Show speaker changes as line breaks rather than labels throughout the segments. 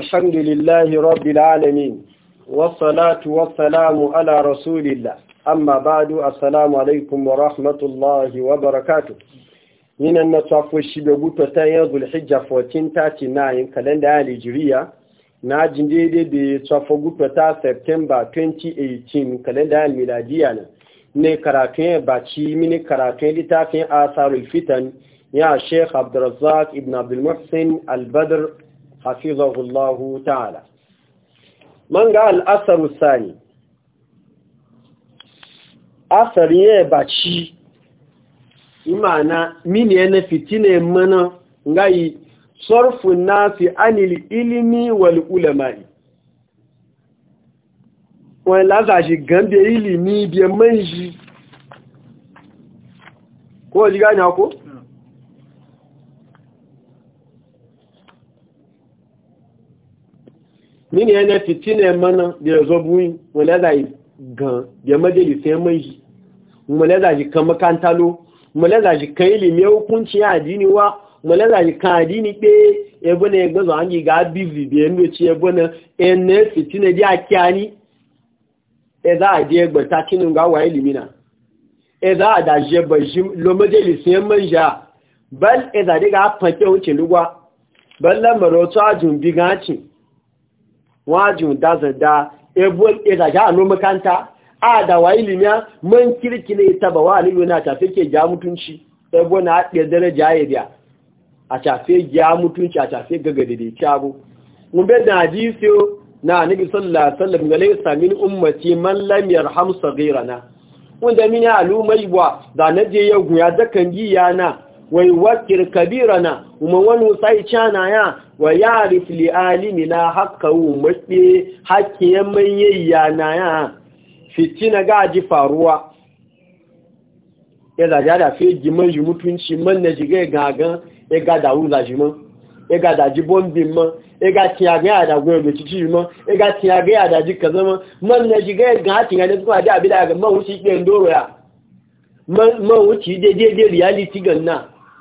الحمد لله رب العالمين والصلاة والسلام على رسول الله أما بعد السلام عليكم ورحمة الله وبركاته من النطاف والشبابو تتاين ذو الحجة 1439 كالندا الهجرية ناجن ديدي بتوافقو تتا سبتمبر 2018 كالندا الميلادية ne karatun baci mini karatun littafin asarul fitan ya sheikh abdulrazak ibn abdulmuhsin albadr حفظه الله تعالى من قال الأثر الثاني أثر يباتشي imana mini yana fitine mana ngai sorfu nasi anil ilimi wal ulama'i wani lazashi gambe ilimi biyan manji ko ji gani ako? mini yana fitina mana da ya zo buyi wale yi gan da majalis ya mai wale za yi kan yìí wale lẹ́dà yi kan mọ́ ya hukunci ya lẹ́dà wa wale za yi kan adini pe ebe na egbe zo hangi ga bizi da enu ci ebe na e ene fitina di aki ani e za a di egbe ta kinu ga wa ilimi e za a da ba bal e za bal wajin dazada ebuwan ya a makanta a da wa ilimiya man kirki ne ta ba wa alibi na tafe ke ja mutunci ebuwa na haɗe daraja ya biya a tafe ja mutunci a tafe gaga da daidaici abu mun bai da na anabi sallallahu alaihi wasallam ga laysa min ummati man lam yarham saghirana wanda min ya alumai wa da naje ya guya da kan giya na kabirana sai ويوكر كبيرنا ومن وصيتنا يا ويعرف لعالمنا حقه ومشي حقي من ييانا يا fitina gaji faruwa ya zaja da fi jiman yi mutunci man na shiga gagan ya ga da wula shi man ya ga da ji bombin man ya ga tiyaga ya da goyon da cici man ya ga tiyaga ya da ji kaza man man na shiga ga hatin ya da suka da abin da ga man wuce ɗin doro ya man wuce daidai reality gan na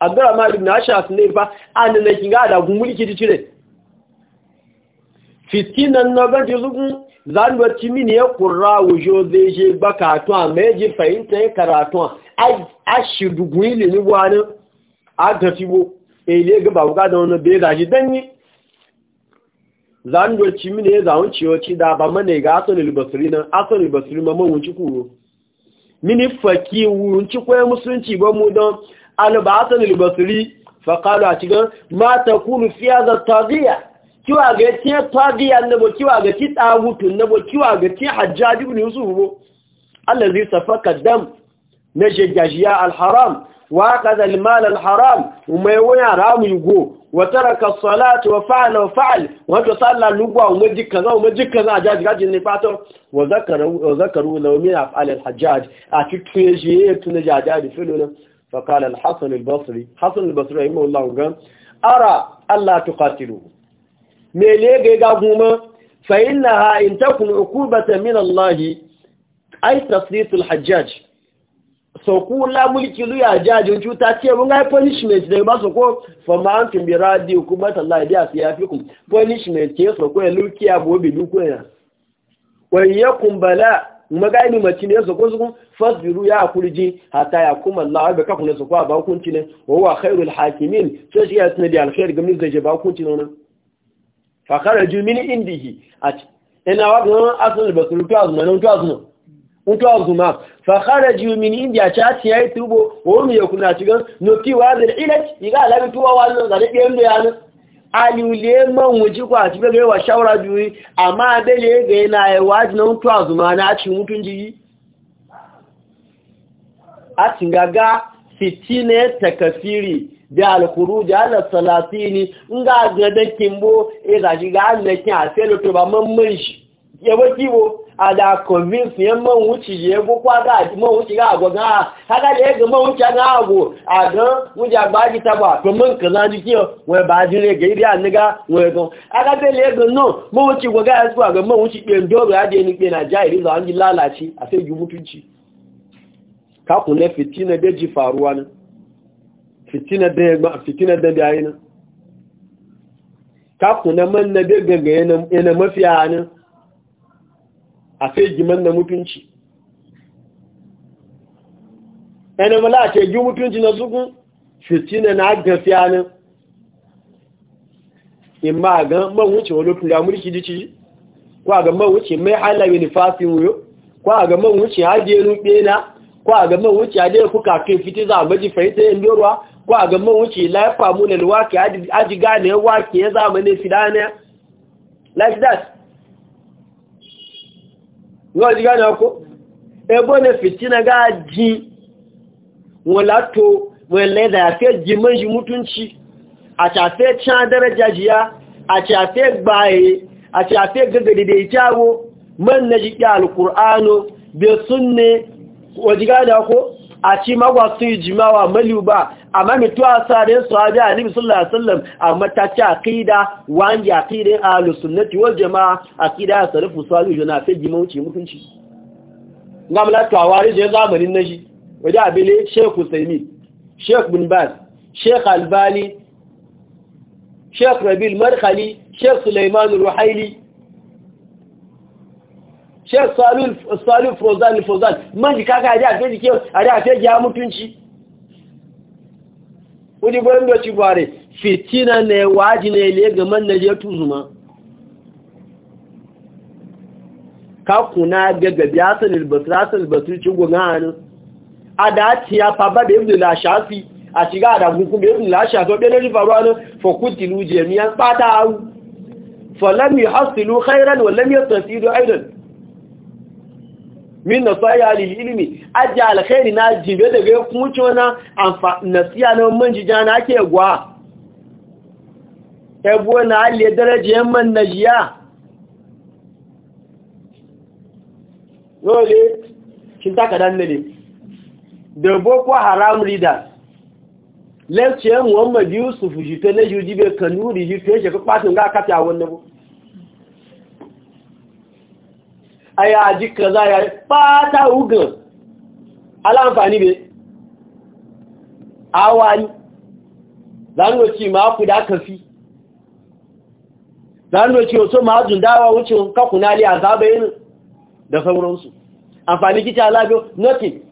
abdurrahman ibn ashaf ne fa an ne kin ga da mulki ji cire fitinan na ga jizugun zan wa timini ya qurra wujo zai je baka to a meje meji fahimta karatu a shidugun ile ni wani a tafibo ele ga ba ga da wani bai da shi danni zan wa timini ya zawun ciyo ci da ba mane ga asalul basri nan asalul basri ma mun ci kuro mini faki wurin ci koyar musulunci ba mu don albasan albasri faƙalu a cikin ma ta kunu fiya za tagiya kiwa ga ce tagiya na bo kiwa ga ci tsagutun na bo kiwa ga ce hajjaji bin yusuf bo allah zai safaka dam na shagajiya alharam wa kaza limal alharam mai wani haramu yugo wa taraka salatu wa fa'ala wa fa'al wato sallah lugwa wa maji kaza wa maji kaza a jaji gajin ne fatan wa zakaru wa zakaru law min af'al alhajjaj a cikin shi ya tuna jaji da filo nan فقال الحسن البصري حسن البصري رحمه الله قال أرى ألا تقاتلوه ميليغي قابوما فإنها إن تكون عقوبة من الله أي تسليط الحجاج sauku la mulki lu ya jaji wucu ta ce mun ga punishment da ba su ko fa ma antum bi radi hukumat Allah biya su yafi kum punishment ke so ko ya lukiya bo bi duko ya wa bala magani mace ne so kun su fasbiru ya kurji hatta ya kuma Allah ba kafin su kwa ba hukunci ne wa huwa khairul hakimin sai shi ya da alkhair ga mun je ba hukunci ne fa kharaju min indihi at ina wa ga asul basru to azuma non to azuma un to azuma fa kharaju min indiya cha ti yayi tubo wa mu yakuna ci gan no ti wa dal ilaj iga labi tuwa wa zan da biyan da yana aliule manwu jikwa a cikin gaiwa shawara biyu amma abele ga yana yawa na mutu a zuma na cin mutun jiri a cingaga fitine ta kafiri da alkuru da ala salatini nga ga da kimbo e ga shiga annakin a sai da to shi yabo kiwo a da convince yan man wuce je go ga man wuce ga go ga haka da ga man ga go a ga wuja ba ji ta ba to kaza ba ji ne ga iri an ga we go aka be le ga no man wuce go ga su ga ndo ni na ji a sai ju mutunci ka ku ne fitina da ji faruwa ne fitina da ba fitina da da ka na man na da a sai giman na mutunci ɗan mala a ce gi mutunci na sukun fitina na gafiya nan in e ma a gan man wuce wani tura mulki dici ko a ga man wuce mai halaye ni fasin wuyo ko a ga man wuce hajiyar rufe na ko a ga man wuce hajiye kuka kai fiti za a maji fahimta yin doruwa ko a ga man wuce laifa munan wake aji gane wake ya zamanin fidana like that wọ́n ti gánà ọkọ́ ẹgbọ́n ní fìtínà gáà jí wọ́n látò wọ́n lẹ́dà àfẹ́ jí mọ́jú mútúnci àti àfẹ́ chán dẹ́rẹ́jà jíyá àti àfẹ́ gbáyé àti àfẹ́ gẹ́gẹ́dẹ̀dẹ̀ ìjáwó mọ́nà àti magwàsún ìjìmáwà mẹ́lú bá amma a sarin sahabi a nabi sallallahu alaihi wasallam amma ta ce aqida wani aqida ahlus sunnati wal jamaa aqida salafu salih jana fi gimauci mutunci ngamla tawari je zamanin naji wajen abili sheikh usaimi sheikh bin baz sheikh albani sheikh rabil marhali sheikh sulaiman ruhaili sheikh salih fozan fozan man ji kaka a ji a fi a ji a fi ji mutunci kudi gwanin da ci bare fitina ne waji ne le ga man naje tuzuma ka kuna ga ga biya sanil basra sanil basri ci gwanin adati ya faba da ibnu lashafi a shiga da gunku da ibnu lashafi da ne rifaru an fa kutilu jami'an bata falam hasilu khairan wa lam yastasidu aidan min nasiya lil ilmi ajja alkhairi na jibe daga kunci wana amfa nasiya na manji jana ake gwa ebo na alle daraje man najiya dole kin taka dan ne da boko haram leaders lecture Muhammad Yusuf jito ne yujibe kanuri jito je ka patin ga kafa wannan aya aji kaza ya fata ala amfani be awani zanu ci ma ku da kafi zanu ci wasu ma jun dawa wuce ka kunali azabayin da sauransu amfani kici alabiyo nothing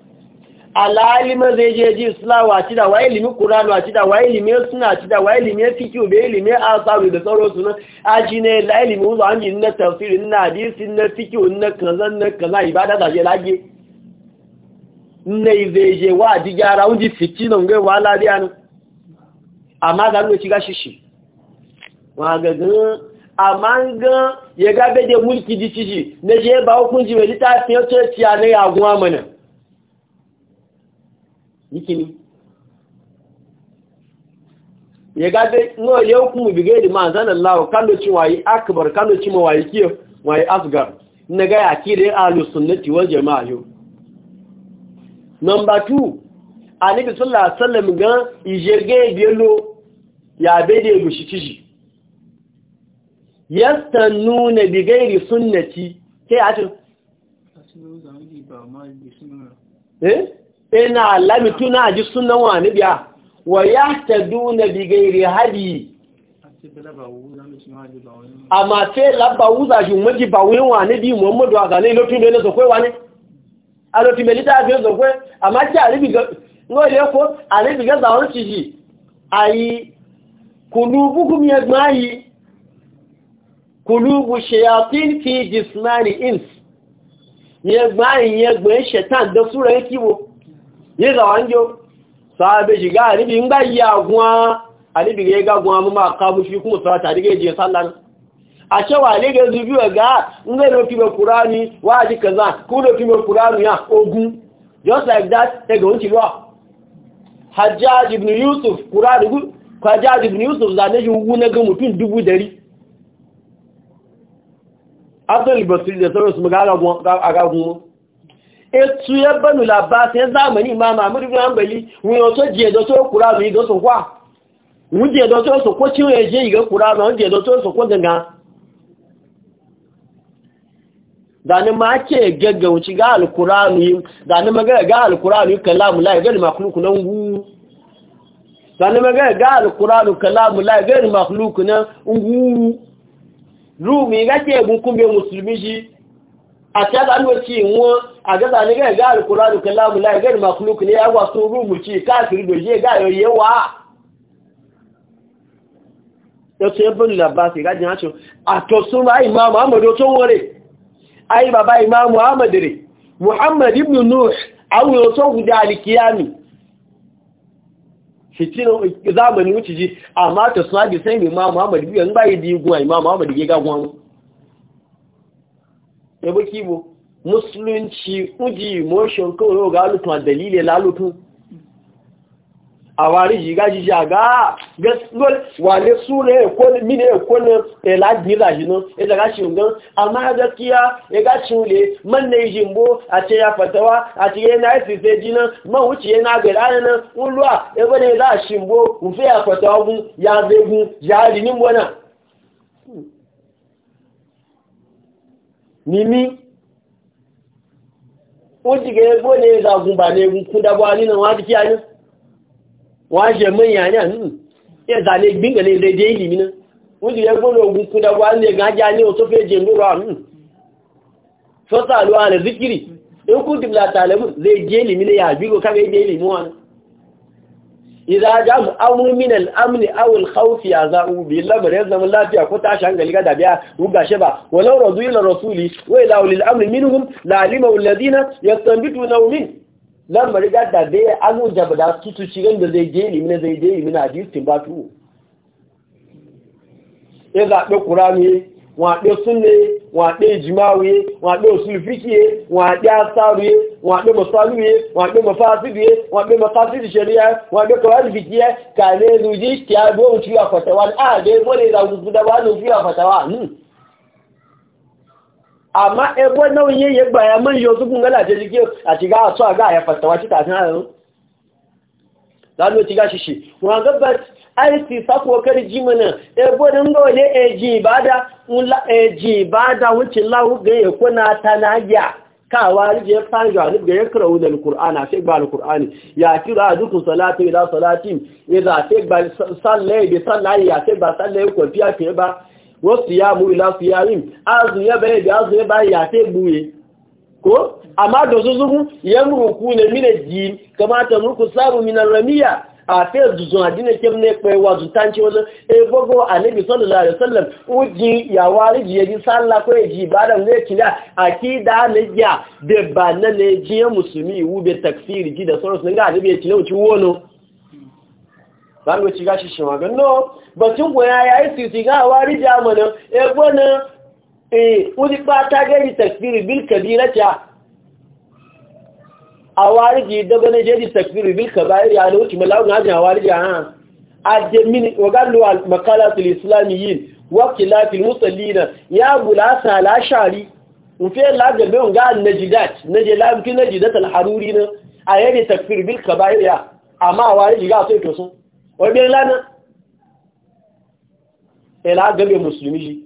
alaliman zai je ji islamu a cida wa ilimin kuranu a cida wa ilimin suna a cida wa ilimin fikiyu da ilimin asaru da tsaro suna aji ne la ilimin uzu hanji na tafsirin na hadisin na fikiyu na kazan na kaza ibada da je lage ne zai je wa di gyara wunji fiki na ngai wa lariya ne amma ga ci shiga shishi wa gagan amma ga ya gabe da mulki di shishi na je ba hukunci mai littafin ya ce ciya na guwa mana yikini ya gade no yau kuma bige da manzan Allah kan da ci wayi akbar kan da ci ma wayi kiyo asgar na ga ya ki da ahlus sunnati wal jamaa yo number 2 annabi sallallahu alaihi wasallam ga ijege bielo ya gushi ciji yastannuna bi ghairi sunnati kai a ce eh ina lamituna ji sunan wani biya wa ya tadu na bigairi hadi amma fe labba wuza shi maji ba wuyin wani bi muhammadu a gane lokin da na zakwai wani a lokin melita a biyar zakwai amma ce a ribi ga nwere ko a ribi ga zawon shi a yi kulubu kuma ya gmayi kulubu shayafin fi jismani ins ya gmayi ya gbayin shaitan da sura ya kiwo ní ìzàwánjó sáàbẹ̀ ṣìgá níbi ń gbá yí àgún àníbi rẹ̀ gágun amúmá kábù fi kún sọ́rọ̀ tàbígẹ́ ìjẹ sálánà àṣẹwà lẹ́gẹ̀ zubi ọ̀gá ń lè ló fi mẹ́ kùránì wáàjí kẹzà kú ló kùránì yà ogun just like that ẹgbẹ̀ e yusuf ga mutum dubu dari abdul basir etu ya banu labasi ya zamani imam amuru bin hanbali wuyan to je do to qur'anu yi go so kwa wuje do to so ko chiwe je yi go qur'anu wuje do to so ko ganga dani ma ke gaggauci ga alqur'anu yi dani magana ga alqur'anu kalamu la ga makhluq nan gu dani magana ga alqur'anu kalamu la ga makhluq nan gu rumi ga ke gun kumbe musulmi shi a àdánúwẹ̀tí ìwọ̀n àjọ́dánigẹ́ ẹ̀gá àrùkúrádù kẹláàmùlá ẹgẹ́rì makulúkù ní ẹwà a rúùmù tí káàkiri ya ẹgá ẹ̀yẹ wà ẹ̀tọ́ ẹbùn làbáṣì ìrájìn àṣọ àtọ̀súnmọ́ àìmá Muhammad tó wọ́n rẹ̀ ayé bàbá ìmá Muhammad rẹ̀ muhammadu ibn nuh àwọn tó gùdá alikiyami fitina zamani wuce ji amma ta suna da sai ne ma muhammadu biyan imam ebe kibo musulunci uji motion kawai ga alutun dalilin lalutun a wari jiga jija ga gasgol wale sura ya kone ne kone eladira shi no e daga shi ngan amma gaskiya ya e ga cule man na yi jimbo a ce ya fatawa a ti ya na yi ji jina man wuce yana na gara nan uluwa ya e bane za a shimbo ufe ya fatawa gun ya zegun ya rinin wana mimi wọ́n hmm. ga na ní ìzàgùn na ní egun kú anya nínú wọ́n dìkí anya wọ́n ṣe mọ́ ìyàn ní àní e lè gbígbẹ̀ lè lè dé ìlú mìíràn wọ́n ti ẹgbó ní ogun kú dábọ́ na zikiri ẹkùn dìbìlà tààlẹ́mù lè jẹ́ ìlú mìíràn Iza ja'u amru min al-amn aw al-khawf yaz'u bi lamr zaman lafiya ko tashi hankali ga dabiya ruga shi ba walau radu ila rasuli wa ila ulil amri minhum la alima alladhina yastanbituna min riga ga dabiya an jabda tutu cigan da zai je ni mina zai je ni mina hadisin ba tu ya zabe qur'ani wọ́n àpé súnlé wọ́n àpé ìjìmáwé wọ́n àpé òsùlùfíkìé wọ́n àpé asáwé wọ́n àpé mọ̀sálúwé wọ́n àpé mọ̀fásídìé wọ́n kọ̀wádìfìkìé kàlẹ́ lùjí kí a gbé òun fíwà fọ̀tẹ̀wà ààbẹ̀ mọ́lẹ̀ ìdàgbùn àmá ẹgbẹ́ náà yé aisi sako kar ji mana e gwadon dole e ji bada ula e ji bada wuce lahu ga ya kuna tanaya kawa rije fanjo ani ga yakra wa alqur'ana sai ba alqur'ani ya kira duku salati ila salati idza sai ba sallai bi sallai ya sai ba sallai ko fiya ke ba wa siyamu ila siyamin azu ya bare bi azu ba ya sai buye ko amma da zuzugu yan ruku ne mina jin kamata muku sabu minan ramiya àti ẹ̀dùdùn àdínẹ̀kẹ́ nípa ẹwà dùtáńtí wọ́n ẹgbọ́gbọ́ àníbì sọ́lọ̀lá àrẹ̀sọ́lọ̀ ó di ìyàwó àríjìyẹjì sálà pé èjì ìbádàn ní ìkìlá àkídá àníjà bẹ̀bà náà jí mùsùlùmí ìwú bẹ tàkfíìrì jí dẹ̀sọ́rọ̀ sí nígbà àníbì ìkìlẹ̀ òtí wọ́nu báwo ti gáṣe ṣe wọn gan-an bọ̀tún kò yá e sì ti gáà wá ríjà mọ̀nà ẹgbọ́n náà awariji daga na jeji takfiri bil kaba'ir ya ne wuce malawun hajji awariji a hana ajamin wagallo makalatul islamiyyin wa kilafil musallina ya bulasa la shari ufe la wunga ga najidat na la bi najidat alharuri na a ayani takfiri bil kaba'ir ya amma awariji ga sai to sun wabe lana ilagabe e musulmi ji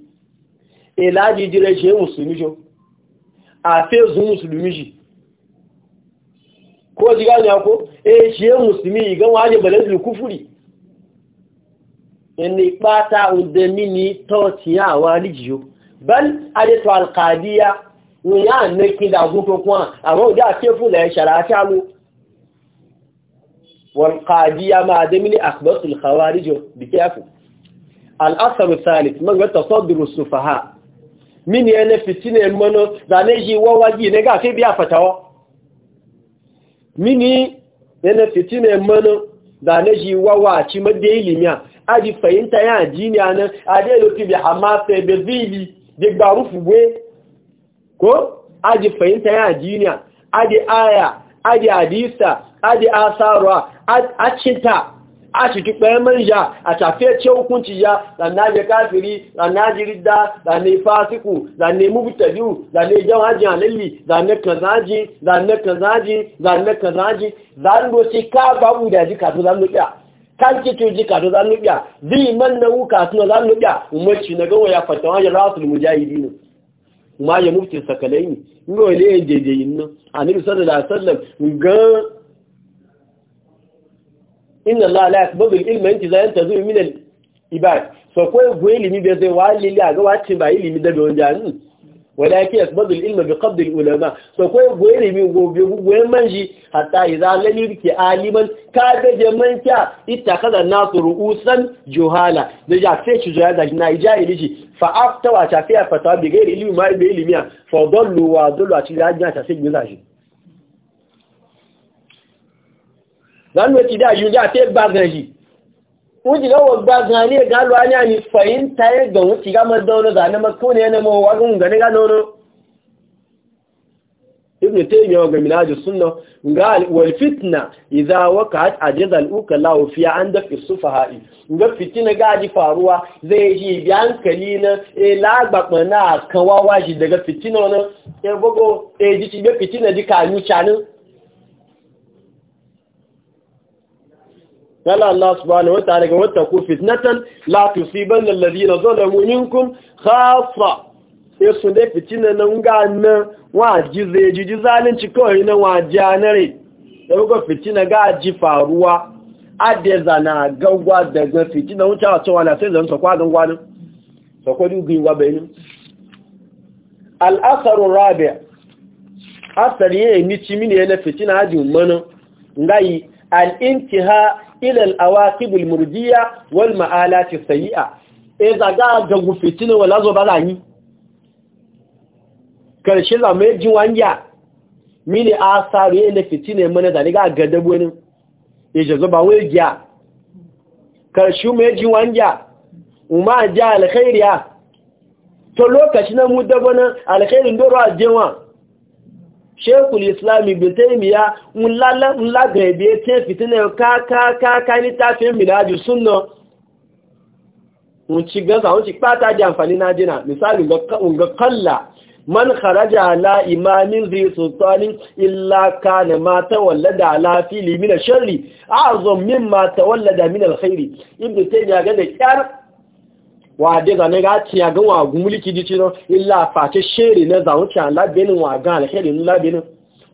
ela jijire musulmi jo a fe zu musulmi ji ko ji gane ko eh shi ya musulmi gan waje balazil kufuri inni pata udemini to ti awa bal adeto alqadiya ni ne kida guto kefu wal qadiya ma al khawarij bi kafu al thalith man sufaha min yana fitina mono da ne ji ne ga bi afatawa mini yana fitina mana da na ji wawa ci madda ilimiya a ji fahimta ya ji ne a dai lokaci bi hamasa ya bezili da gbaru fugwe ko a ji fahimta ya ji ne a di aya a di hadisa a di asarwa a cinta a ciki ɓayan manja a tafiya ce hukunci ya da na je kafiri da na ji ridda da ne fasiku da ne mubtadiu da ne jawajin halalli da ne kazaji da ne kazaji da ne kazaji za mu doce ka babu da ji kasu za mu ɗaya kan ki to ji kasu za mu ɗaya zai man na wuka suna za mu ɗaya umarci na gawa ya fata wajen rasul mujahidi ne ma ya mubtin sakalai ne ne wani ne jejeyin nan a nabi sallallahu alaihi wasallam ga inna Allah la yasbabu ilma za zayan zu min al ibad so ko go ilimi be zai wa lili aga wacin ba ilimi da don jani walaki al ilma bi qabd al ulama so ko go ilimi go be go manji hatta idza lali ki aliman ka ga je manja kaza nasu ru'usan juhala da ja sai shi zuwa da na ijai ji fa afta wa tafiya fatawa bi gairi ilmi ma ilimi ilmiya fa dallu wa dallu a da ja ta sai gina shi Zan yi lánàá ti dá yúdá tẹ́ gbágan yìí wọ́n ti Ga gbágan ní ẹ̀gá lọ ní àmì fẹ̀yìn táyé gànwó ti gá mọ́dánwó zà ne, kún ní ẹnàmọ́ wágún gane gánánú ibn taymiyyah ga minhaj sunna ga wal fitna idza waqa'at ajiz al ukala fi an daf sufaha'i ga fitina ga ji faruwa zai ji biyan kalina e la lagbapa na kan wawa shi daga fitina wannan e bogo e ji ci ga fitina di kanu chanin قال الله سبحانه وتعالى واتقوا فتنة لا تصيبن الذين ظلموا منكم خاصة yasu dai fitina nan ga nan wa jize jiji zalunci kawai nan wa janare da kuka fitina ga ji faruwa adeza na gangwa daga fitina wuce a cewa na sai zan sakwa gangwa nan sakwa dugu yiwa bayanin al'asarun rabia asari ya yi mici mini yana fitina ilal awaqibul murjiya wal ma'alati sayi'a e zaga ga gufitina wala zo ba yi karshe za mai ji wanya mini asari ne fitine mana da riga ga dabo ne e je zo ba wai giya karshe mai ji wanya umma ja alkhairiya to lokacin mu dabo nan alkhairin doro ajewa shekul islam ibn taymiya ńlá gẹ̀ẹ́bí tí fìtínẹ̀ káàkáàkáà ní tàfí mìlájú súnà wọ́n ti gẹ́sà wọ́n ti pátá jẹ́ àǹfàní misali ga kalla man kharaja ala imamin zai sultani illa kana ma tawallada ala fili min sharri a'zam mimma tawallada min alkhairi ibn taymiya ga da kyar wa wàdé zane ga ti agan wa agun mulki ji cinan illa face shere na zaunci an labenin wa gan alheri ni labenin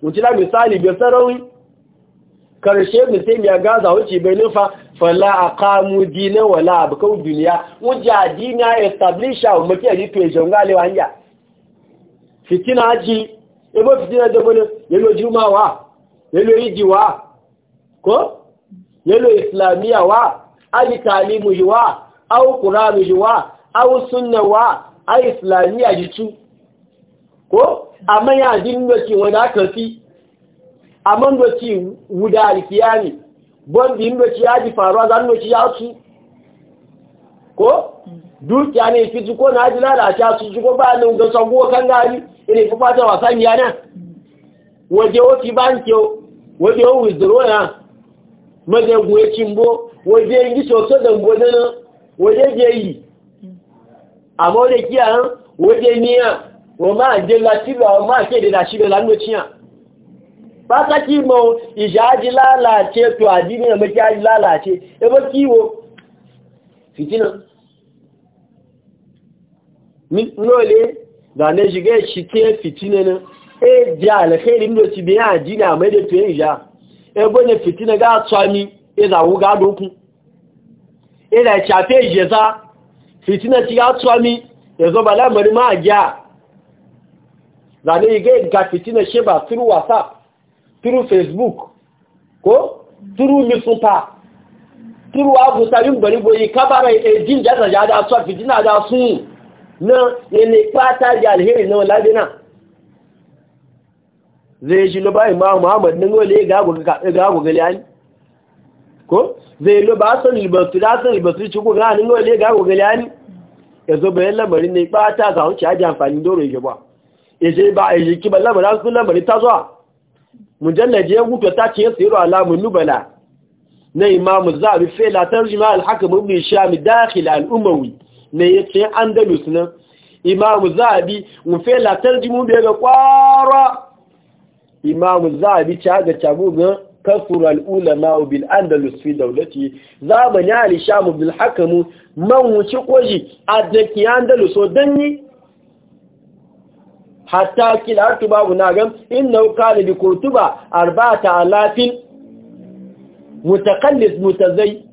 mutila misali bai sarauni karshe mutum ya ga zaunci bai nufa fala a kamu dina wala abokan duniya wujja dina a wa mafi aji to ejan galewa hanya fitina ji ebo fitina da e wa yalo jumawa yalo wa ko yalo e islamiyawa ali talimu wa. au qur'anu wa? au sunna wa a islamiyya cu? ko amma ya din doki wanda ka fi amma doki wuda alkiyami bon din doki ya ji faruwa zan doki ya su ko dukiya ne fi ko na ji lalata su ji ko ba nan ga sago kan gari ina fi fata wasan yana waje o banki o waje o withdraw na maje gwe chimbo waje ngi so so dan bodana waje je yi àmọ́ lè kí à ń wóde ní à wọ́n máa jẹ́ lọ sí lọ máa lánàá tí à ìṣáájí lálàáṣe tó àdínà méjì ájí lálàáṣe ẹgbẹ́ kí wo fìtínà lóòlé gbàndé ṣìgẹ́ ṣì fìtínà náà ẹ jẹ́ àlẹ́fẹ́ rí ti bí àdínà mẹ́lẹ̀ tó ìyá ẹgbẹ́ ni e e e fìtínà gáà ila chafe jeza fitina ti ya tsami yazo bala mari ma a aja zane ga ga fitina ba through whatsapp through facebook ko through misupa through abu salim bari boyi kabara e jin jaza da tswa fitina da sun na yene pata ja alheri na ladina zai shi lo bai ma muhammad ningo le ga go ga go ga ali ko zai lo ba san libatu da san libatu ci ko ga nin wale ga gogali ani yazo bayan lamarin ne ba ta ga wuce aji amfani doro yake ba yaje ba yaje ki ba lamarin sun lamarin ta zuwa mujallaji ya gufe ta ce yasiru alamun nubala na imamu zabi fela tarjima al-hakim ibn sham dakhil al-umawi ne yace andalus na. imamu zabi mun fela tarjimu be ga kwara imamu zabi ta ga tabu ga kasura al'ulama bil andalus fi daulati zamani ali shamu bil hakamu man wuce koji a daki andalus o danyi hatta kila hartu babu na gam inna kana bi kurtuba arba'ata alafin mutakallis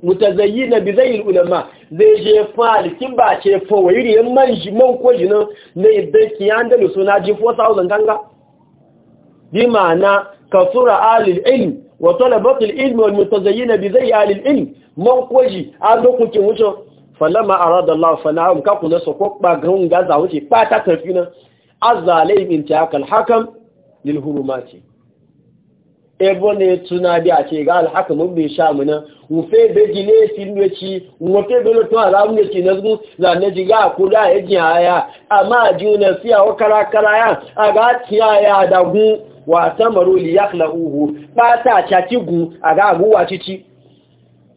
mutazay na bi zayil ulama zai je fal kin ba ce fo wayiri yan man shi man koji nan ne daki andalus na ji 4000 ganga bi ma'ana kasura alil ilm wa talabatul ilmi wal mutazayyina bi zai alil ilm man koji a dokuke wucin falama arada Allah fana'am ka kuna so ko ba gan gaza wuce ba ta tafi na azalim intihak al hakam lil hurumati ebo ne tuna bi a ce ga al hakam mun sha muna na mu fe be gine tin ne ci mu fe be to ala mun ci na zu za ne ji ga ku da ya ji aya amma ji na siya wa ya a ga aya da wa tamaru li yakhlauhu ba ta chakigu aga aguwa cici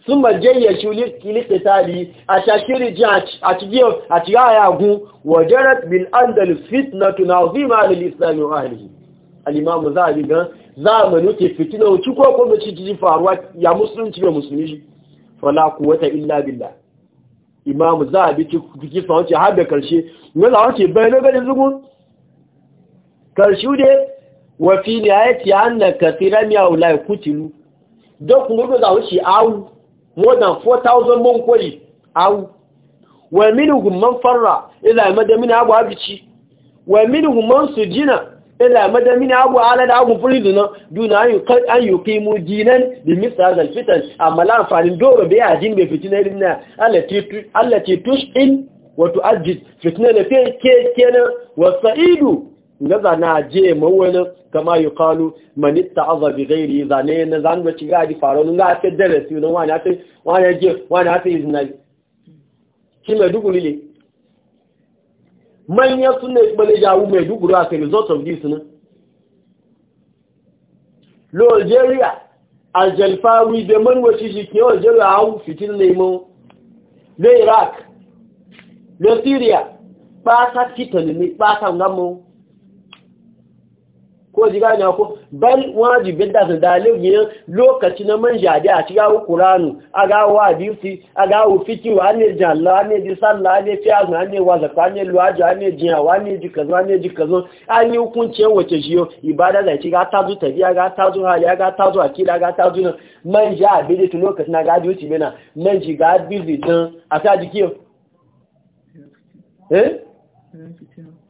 sun jayya shuli kilitali a shakiri jaj a cigiyar a cigaya agun wa jarat bil andal fitnatu nazima lil islam wa ahlihi al-imam zahabi gan zamanu ke fitina wuci ko ko mace ji faruwa ya musulunci ga musulmi shi fala quwwata illa billah imam zahabi ki fa wuce har da karshe wala bai na ganin zugun karshu dai wafi ne ya ce anna kasira miya wula ya kutilu don kuma gudu za wuce awu more than 4,000 man kwari awu wa minihun man farra ila madamini abu abici wa minihun man su jina ila madamini abu ala da abu furiduna duna an yi kai mu jinan da mista fitan amma amfani, doro bai a jin mai fitina irin na allace tush in wato ajiyar fitina da fiye kenan wasa idu na na je mawani kama yi kalu manitta aza bi ri zane na zanuwa ci gadi faruwa ga ake su na wani ake wani je wani ake izinari shi mai duguri ne manya suna ikpele jawo mai dugu as a result of this na lo algeria aljalfawi da manwaci shi ke algeria hau fitin nemo le iraq da syria ba ta fitani ne ba ta gamu ko ji gane ko bal wajibin da su dalib ne lokaci na manja da a shiga Qur'anu a ga wa hadisi a ga wa fiki wa ne jalla ne di sallah ne fiya ne ne wa zakka ne luwaja ne jiya wa ne ji kaza ne ji kaza an yi hukunci wace jiyo ibada da shiga ta zu tabiya ga ta hali ga ta zu akida ga ta zu manja a bidi tu lokaci na ga duci mena manji ga bizi dan a ta jiki eh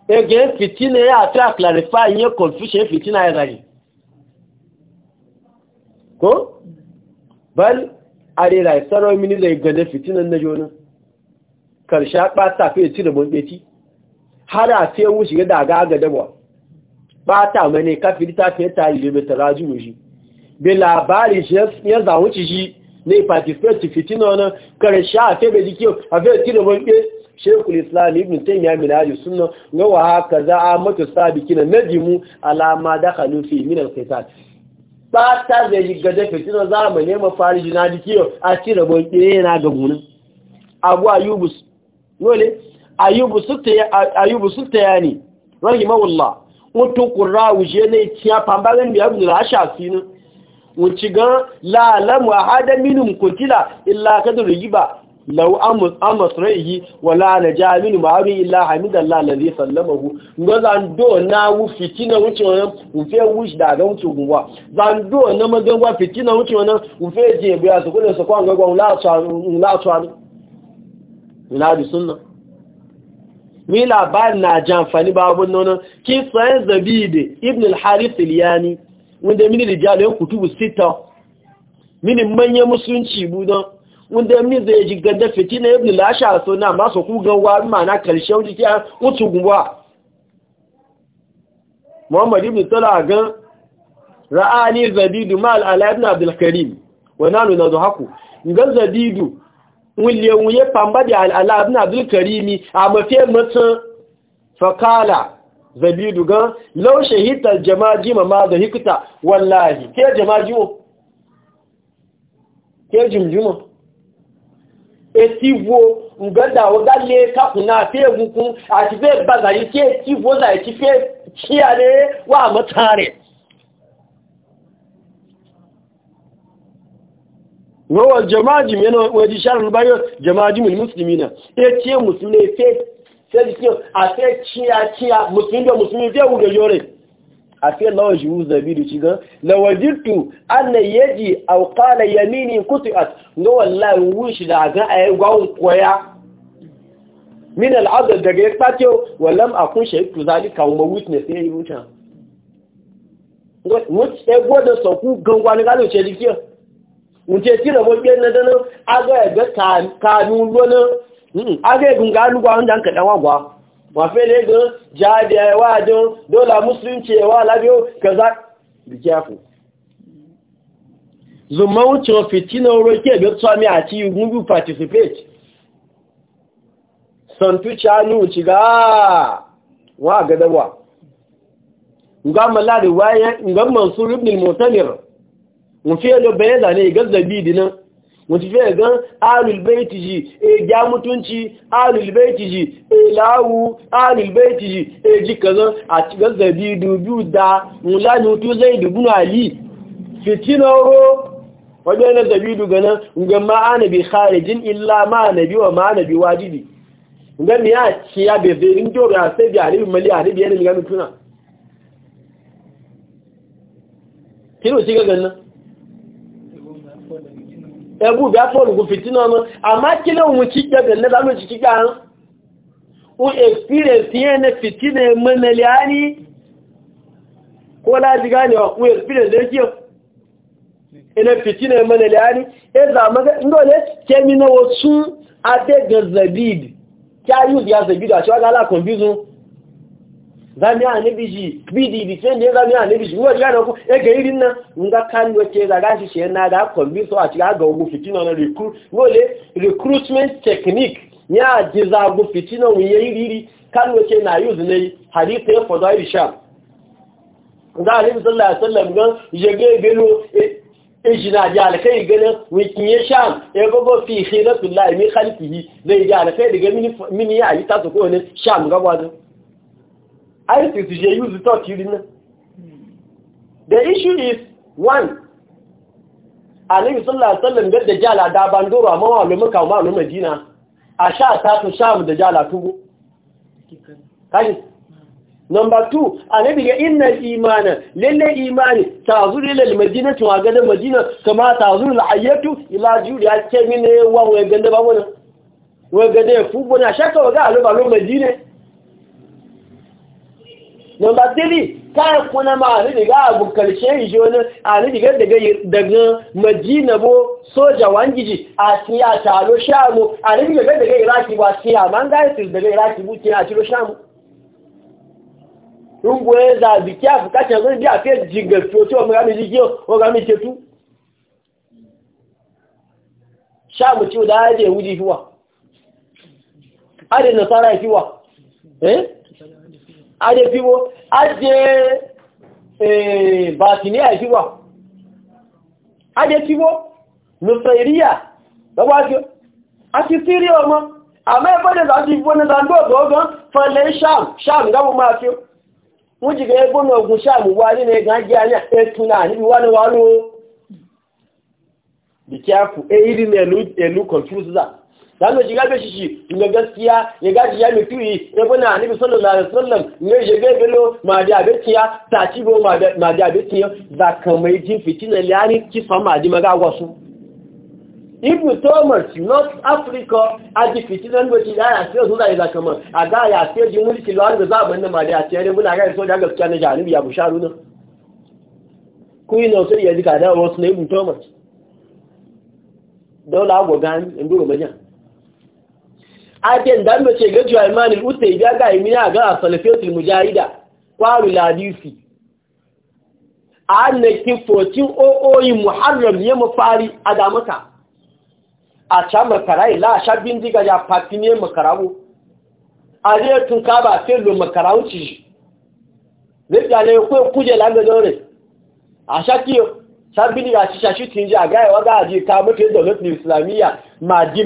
ege fitina ya ati a clarify yin confusion fitina ya yi ko? bal are rera tsaron mini zai gane fitinan na jona karshe fi fiye cire bunɓeci har a ce wuce ga daga aga dabuwa ɓata mani kafin ta fiye ta yi limita rajin shi be labari ya zawuci shi ne participate fitina wani karshe a tebe jike a fiye cire bunɓeci shekul islam ibn taymiya min ahli sunna ga wa haka za a mata sabikina najimu alama dakhalu fi min al ba ta da yiga da fitina za mu nema fariji na dikiyo a cire kire na ga gunin abu ayubus nole ayubu sutta ayubu sutta yani rahimahullah mutu qurra wuje ne tiya pambagan biya bu la sinu. wuci ga la lamu ahada minum kutila illa kadru giba lau amus ra'ihi wala na jami'in ma'aru illa hamidallah na zai sallamahu ga zando na fiti na wani ufe wuce da ga wuce guwa zando na magangwa fiti na wani ufe je biya su kudin su kwan gagwa latuwa ne ina da mi labarin na jamfani babun nonon kin sayan zabi da ibn al-harith wanda mini rijalu ya kutubu sita mini manyan musulunci budan wanda mini zai da fiti na yabni lasha so na masu kugan ku ma na karshe wanda ke wutu gumwa Muhammad ibn Tala gan ra'ani zabidu ma al'ala ibn abdulkarim wa nanu haku? Gan zabidu wule wuye famba da al'ala ibn abdulkarimi a mafi mutun fakala zabidu gan lau shahitar jamaji ma da hikta wallahi ke jamaji ke jimjuma etivo ngada oga le kakuna ati egungun àti ti bàgà yìí tí etivo láì ti wa tí a lè wà mọ́ta rẹ̀ yawon jama'ajì yana wajen sharar bayan jama'ajì mil musulmi na etiye musulmi fẹ́ sẹ́dìkíyàn àti musulmi da musulmi fẹ́ wùgẹ̀ yore. afi lawa jiwu zabi da ci gan la wajidtu an yaji aw qala yamini qutiat no wallahi wushi da a ay gwawon koya min al adad daga ya patio wallam akun shaytu zalika wa witness yayi mutan ngo ego da soku gangwa ni galo ce dikiyo mun ce tira mo gbe na dana aga ga ta kanu lona aga gunga lugwa wanda an ka dan wagwa mafi ne gan jihadi ya wa don dola musulunci ya wa labiyo ka za be careful zuma wucin fitina roke ebe tsami a ci gungun participate santuci hannu ci ga wa gadawa ga malari wayan ga mansur ibn al-mutamir mun fiye da bayan zane gazzabi dinan wacce fiye gan alulbaiti ji e ya mutunci alulbaiti ji e lawu alulbaiti ji e ji kazan a cikin zabi dubu da mulani mutu zai dubu na ali fitinoro wajen na zabi duga nan ga ma'ana bi kharijin illa ma'ana bi wa ma'ana bi wajibi ga mi ya ci ya bai in jo ga a sai bi alibi mali a ribi yanin ga mutuna kilo ci ga nan ẹgbù bí afọ́lùkù fìtínà ọmọ àmá kí lè òun kí jẹ́ lẹ́dà ló jìkí án o experience yẹn ni fìtínà mẹ́mẹ́lẹ̀ á ní kó láti gáni ọkùn experience lè kí ní ẹzà mọ́lẹ̀ kẹ́mínà wọ́n á yóò zami a nabi ji bidi bi sai ne zami a nabi ji wani yana ku ya ga irin nan in ga kan wace za ga shi shi na ga kwambi ga ga ugu fitina recruitment technique ni jiza ji za gu fitina wuye iriri kan wace na yi zunai hadita ya fada irisha ga alaihi sallallahu alaihi wasallam gan yage gelo ejina e ji alkai ganin wikin ya sha ya e gogo fi khilatullahi min khalqihi zai ji alkai daga mini mini ya yi ta ko ne sham gaba da ISIS is use the thought you didn't. The issue is, one, Alayhi sallallahu Alaihi wasallam da dajjala da bandoro amma wa lumin kawo ma lumin Madina a sha ta su sha mu dajjala tubu. Kashi. Number two, Alayhi ga inna imana, lalle imani, ta zuri lal Madina tun a gadon Madina kama ta zuri la'ayyatu ila juriya ce mini wa wai ganda ba wani. Wai ganda ya fubo na shaka wa ga alubalu Madina. Number ka kayan kuna ma a riga abu karshe yi wani a riga daga madina bo soja wangiji a siya taro shamu a riga daga iraki ba siya man gaya su daga iraki buke a ciro shamu. Rungoye zabi kí a fukacin zai bi a fiye jigar tó tí wọ́n gami jiki wọ́n gami tu. Shamu ciwo da ya je wuji fiwa. Adin nasara fiwa. Eh? ajé tí wó bàtìní àìsíwà ajé tí wó ìríyà lọ́wọ́jọ́ àti sírí ọmọ àmọ́ ẹgbọ́dẹ̀ láti ìfúnnẹ́ta gbọ́gbọ́gbọ́n fọ́lẹ̀ sáàm sáàm gáwọ́ máa fi wọ́n jìgẹ̀ ẹgbọ́nà ogun zanu ji gabe shi ga gaskiya ya gaji ya mutui ya bana annabi sallallahu alaihi wasallam ne je ga bello ma da gaskiya ta ci bo ma da gaskiya za ka mai jin fitina lani ki fa ma di maga gwasu Ibn Thomas, North Africa, a ji fitina da ci da ya sai su da ya kama, a ga ya sai ji ki lawan da za ban ma da ya ce ne buna ga so da ne, ja janibi ya sharu ne Kuyi na sai ya ji ka da wasu na ibu Thomas. ma agwa gani, in majan. aden da mace ga jami'an imanin usai ya ga yi a ga Salafiyotul mujahida kwaru ladisi an ki 1400 muharram ya mafari a damuka, a camar karayi la shabin diga ya ne makarawo a zai tun ka a sai lo makarawuci zai ga ne ko kuje la ga a shakiyo shabin diga shi shashi tinji a gaya waga a ji ka mutu da dole islamiyya ma ji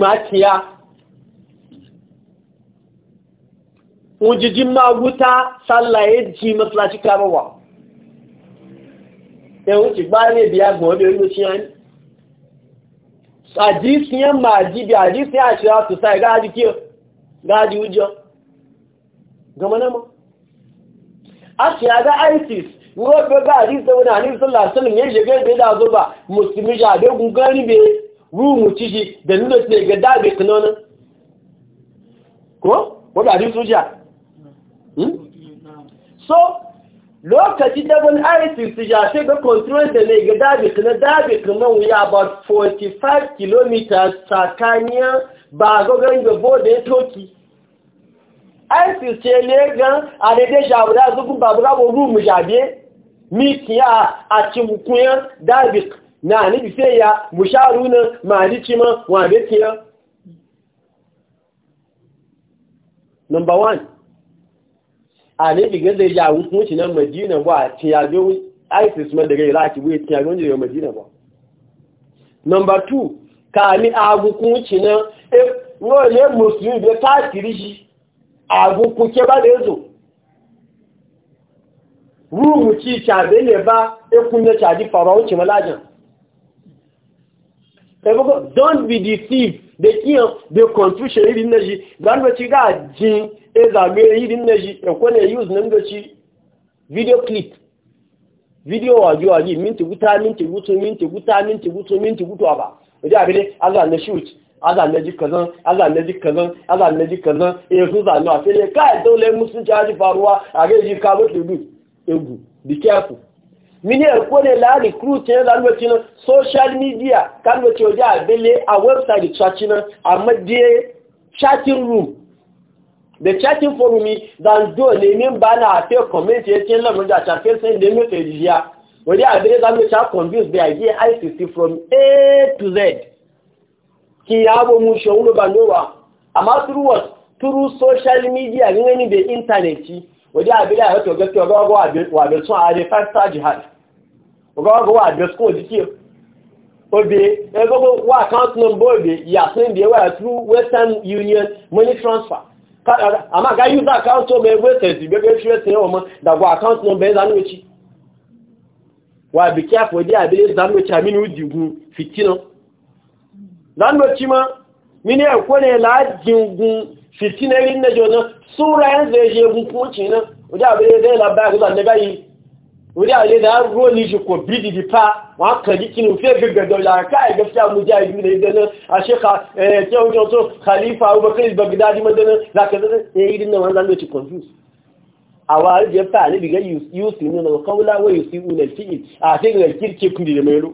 ujijin maguta wuta sallaye ji masalaci karawa yawon wuce ba ne biya ga wadda yi wuce yanyi àdísíyàn máa jíbi àdísíyàn àṣírá tòsá ìgáàdì kí o gáàdì újọ gọmọ́nàmọ́ àṣírá dá isis wọ́n pẹ́ bá àdísíyàn wọn àdísíyàn sọ́lọ̀ yẹn ṣe gẹ́gẹ́ da nuna àdógún gan níbi rúùmù títí dẹ̀núlò ti ẹ̀gẹ́ dáàbẹ̀ kanáà Hmm? so lokaci dabon isis ya ce ga control da ne ga dabik na dabik na ya about 45 km tsakaniya ba gogon gabo da ya toki isis ce ne gan a daidai shabura zukun babu rabo rumu jabe miki ya a cimukuyen dabik na ni sai ya musharu na malici ma wabe ke number one a ne diga zai ja hukunci nan madina a tiyago isis ma daga iraki bai a ne daga madina ba number two ka ni a hukunci nan role e, musulmi da ta tiri shi a hukunce ba da yazo ruhu ci cabe e ne ba ekunya caji farauci malajan e don't be da kiyan de confusion irin na shi zanwaci ga jin e zame irin na shi ya e kone use nan da video clip video waje waje minti guta minti gutu minti guta minti gutu minti gutu ba wajen abin ne azan na shoot azan na ji kazan azan na ji kazan azan na ji kazan e su zanuwa sai ne kai e dole musulunci haji faruwa a gaji kabo tudu egu be careful miliyan ko ne la recruit ne la nwe tina social media kan nwe ti oja a website chat na de chatting room the chatting forum mi dan do le min ba na ate comment e tin la mo ja chat face le mi te dia we dia abele dan nwe chat convince the idea ICC from A to Z ki yabo mu shawulu bandowa amma through what through social media ni ne be internet wajen abila ya wato gaskiya gawago wa da sun are fasta jihad gawago wa da sun jike obe egogo wa account number obe ya sun da yawa through western union money transfer amma ga user account to mai western su bebe shi western yawa da go account number ya e zanu ci wa be careful wajen abila e zanu ci aminu digun fitinan zanu ci ma mini ekwo ne lajin gun fitinarin na jona sura surayen zai je hukunci nan wuri abin zai labar zuwa na yi wuri abin da an roli shi ko bidi di fa ka kari kinu fiye gaggar daula ka a gafiya mu ji a yi da idanar a sheka kyau kyau to khalifa bagida bagdadi madanar za ka zai ya yi dinnan wani zanoci confuse a wari da fa ne biga yusi ne na kawula wa yusi unar fi'i a sai ga kirki kudi da mai ro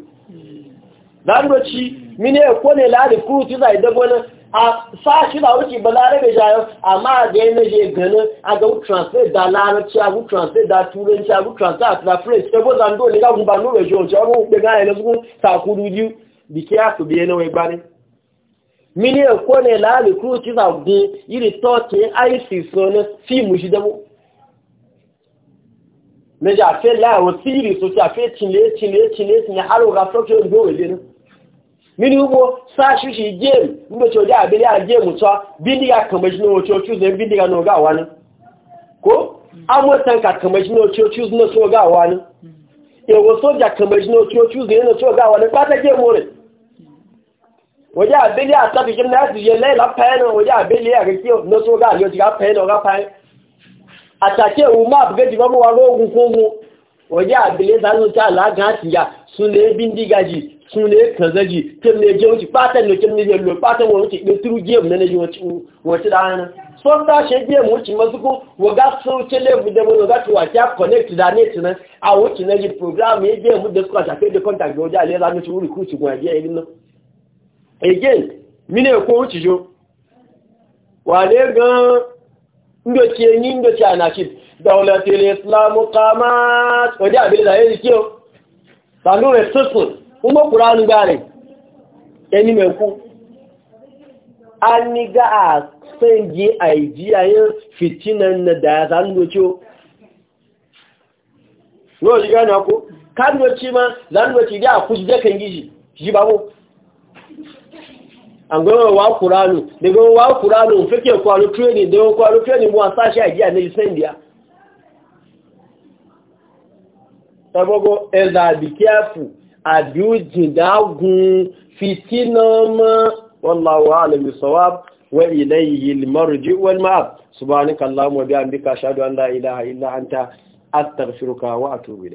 zanoci mine kone ladi kuru ti zai dagwana a sashi ba wuce ba larabe jayon amma da yana je ganin a ga translate da larabci a translate da turanci a translate da french ta gozan dole ga gumba nuna shi wace wani hukun gane na zuku takuru biyu da ke yaku biye na wai gbani miliyan ko ne larabe kuru ci zagun yiri toke isis so na fimu shi dabo na jafe larabe wasu yiri so jafe cinye-cinye, cinle cinle har wuga fokyo gowele na mini ugbo sashi shi game mgbechi oji abili a game tọ bindiga kamajin oci oci zai bindiga na oga wani ko amurtanka kamajin oci oci zai nasu oga wani ewo soja kamajin oci oci zai nasu oga wani pata game wuri waje abili a tafi kim na yasi yele la payan waje abili a kake nasu oga yau ti ga payan oga payan a take wu ma buga jiba mu wa ga ogun kogo waje abili zanen ta alaga hatiya sun ne bindiga ji sun ne ka zaji kim ne je wuce fatan ne kim ne je fatan wa wuce din turu game na ne wuce wuce da ta she game wuce masu ko wa ga so ce le bu da mu ga to wata connect da net ne a wuce ne ji program ne je mu da suka ta da contact go ja le za mu ci wuri ku ci go irin nan again mine ko wuce jo wa ne ga ndo ce ni ndo ce anashid dawlatul islam qamat wadi abin da yake yo sanu kuma ƙuranu anụ ɗani mai ku an ni ga a san a na da zanu o ji gane ku ma zanu doce gị a kuji zakan gishi shi babu an gwamnan wa ƙuranu da gwamnan wa ƙuranu fike kwano training a na jisan biya àbí ó jìndágun fìtínà mọ́ wallahu a'lam bisawab wa ilayhi al-marji wal ma'ab subhanaka allahumma wa bihamdika ashhadu an la ilaha illa a astaghfiruka wa atubu ilayk